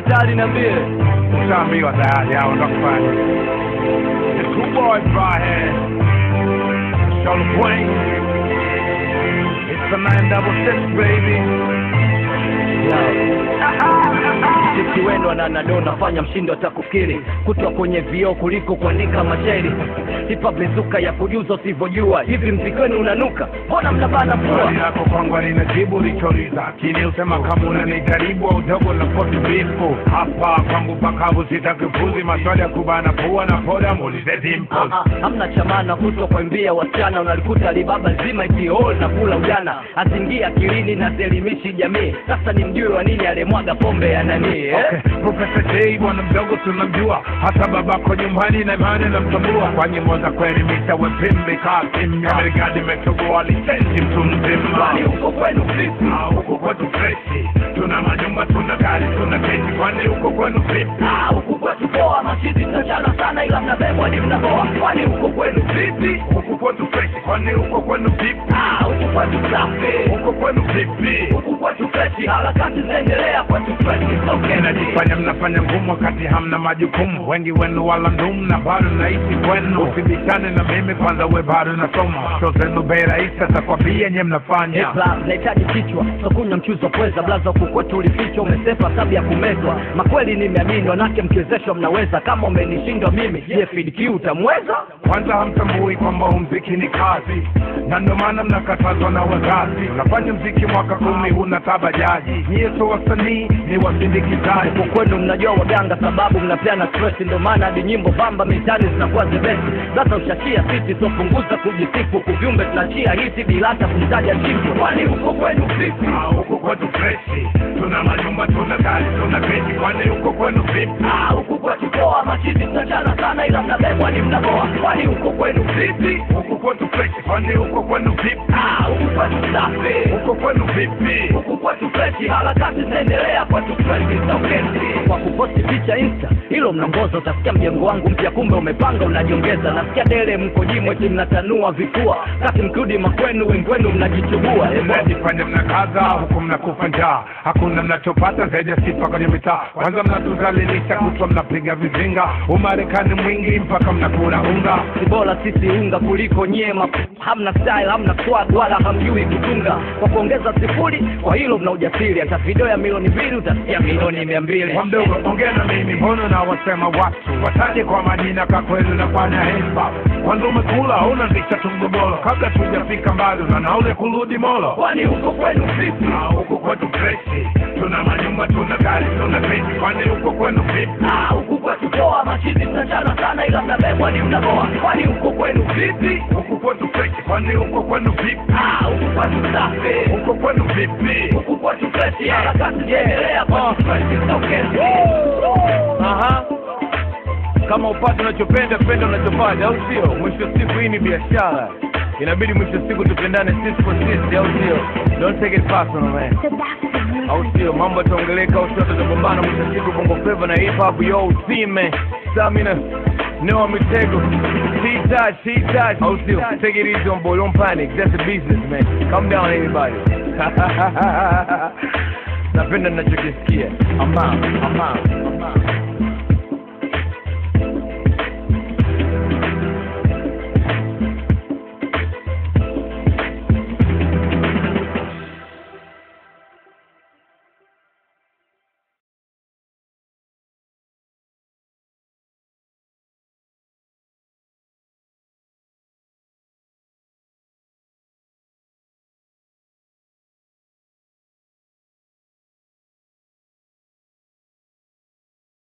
hatari na mbili. Ushaambiwa tayari, hao ndo kufanya. The two boys right here. It's the nine double six, baby. wenu ananado nafanya mshindo atakufikiri kutwa kwenye vioo kuliko kuandika mashairi hipa mizuka ya kujuza usivyojua hivi mziki wenu unanuka mbona mnabana pua yako kwangu jibu lichoriza kini usema kama unanijaribu au dogo na poti vipo hapa kwangu pakavu sitakifuzi maswali ya kubana pua na poda muulize dimples ah, ah, hamna chamana kutwa kwa mbia wasichana unalikuta libaba zima ikiol na kula ujana azingia kilini na zelimishi jamii sasa ni mjue wa nini alemwaga pombe ya nanii eh? okay. Profesa J bwana mdogo tunamjua, hata babako nyumbani na imani namtambua. Kwa nyimbo kweli mita wepimbi katimka, Marekani imetoboa lisensi mtu mzima. Ni huko kwenu vipi? Ah, huko kwetu freshi, tuna majumba, tuna gari, tuna kesi. Kwani huko kwenu vipi? Ah, huko kwetu poa, mashiti tunachana sana, ila mnabebwa ni mnaboa. Kwani huko kwenu vipi? Huko kwetu freshi. Kwani huko kwenu vipi? kwetu safi, huko kwenu vipi? Huku kwetu freshi, harakati kwetu freshi. mnafanya ngumu wakati hamna majukumu, wengi wenu wala ndumu na bado naishi kwenu. Usibishane na mimi kwanza, we bado nasoma sho zenu bei rahisi, atakwambia nye mnafanya nahitaji kichwa sokunywa mchuzo kweza blaza huku kwetu ulifichwa umesepa sabi ya kumezwa makweli nimeamini wanake mkiwezeshwa mnaweza kama umenishindwa mimi je utamweza kwanza hamtambui kwamba umziki ni kazi na ndio maana mnakataza unafuatwa na wazazi, unafanya mziki mwaka kumi huna tabajaji. Nyie sio wasanii, ni wasindikizaji. Kwa kwenu mnajua waganga, sababu mnapeana stress, ndio maana hadi nyimbo bamba mitani zinakuwa zebesi. Sasa ushakia sisi, tupunguza kujisifu, kuviumbe tunachia hiti bila hata kumtaja chifu. Kwani huko kwenu vipi? Huko ah, kwetu freshi, tuna manyumba, tuna gari, tuna Kwani huko kwenu vipi? Huko ah, kwetu poa machizi mnachana sana, ila mnabebwa ni mnaboa. Kwani huko kwenu vipi? Huko kwetu fresh Kwani huko kwenu vipi? Ah, huko kwetu safi. Huko kwenu vipi? Huko kwetu freshi. Harakati zinaendelea kwetu freshi soketi. Kwa kuposti picha Insta, hilo mnambozo. Utasikia mjengo wangu mpya, kumbe umepanga unajiongeza. Nasikia dele mko jimwe, ti mnatanua vikua kati mkrudi makwenu wengwenu mnajichubua. Eti pande mnakaza huku mnakufa njaa, hakuna mnachopata zaidi ya sifa kwenye mitaa. Kwanza mnatuzalilisha, kutwa mnapiga vizinga unga, Umarekani mwingi mpaka mnakula unga. Si bora sisi unga kuliko nyema, hamna style, hamna swag wala hamjui kutunga. Kwa kuongeza sifuri kwa hilo mna ujasiri, hata video ya milioni mbili utasikia milioni mia mbili. Kwa mdogo ongea na mimi, mbona na wasema watu wataje kwa majina, kwa kweli unafanya hesba. Kwanza umekula una zicha tungogolo, kabla tujafika mbali na naule kurudi molo. Kwani huko kwenu vipi? Ah, huko kwetu freshi, tuna manyumba, tuna gari, tuna pesa. Kwani huko kwenu vipi? Ah, huko kwetu toa mashini mnachana sana, ila mnabebwa ni mnaboa. Kwani huko kwenu vipi? Huko kwetu freshi. Kwani huko kwenu vipi? Ah, huko kwetu safi. Huko kwenu vipi? Huko kwetu freshi, harakati ziendelea kwa kwetu freshi. Aha. Kama upate unachopenda penda unachofanya, au sio? Mwisho siku hii ni biashara, inabidi mwisho siku tupendane sisi kwa sisi, au sio? Don't take it personal man, au sio? Mambo yataongeleka, au sio? mwisho siku, bongo na hip hop yo usime stamina no touch touch oh still, take it easy on boy, don't panic, that's a business man Calm down everybody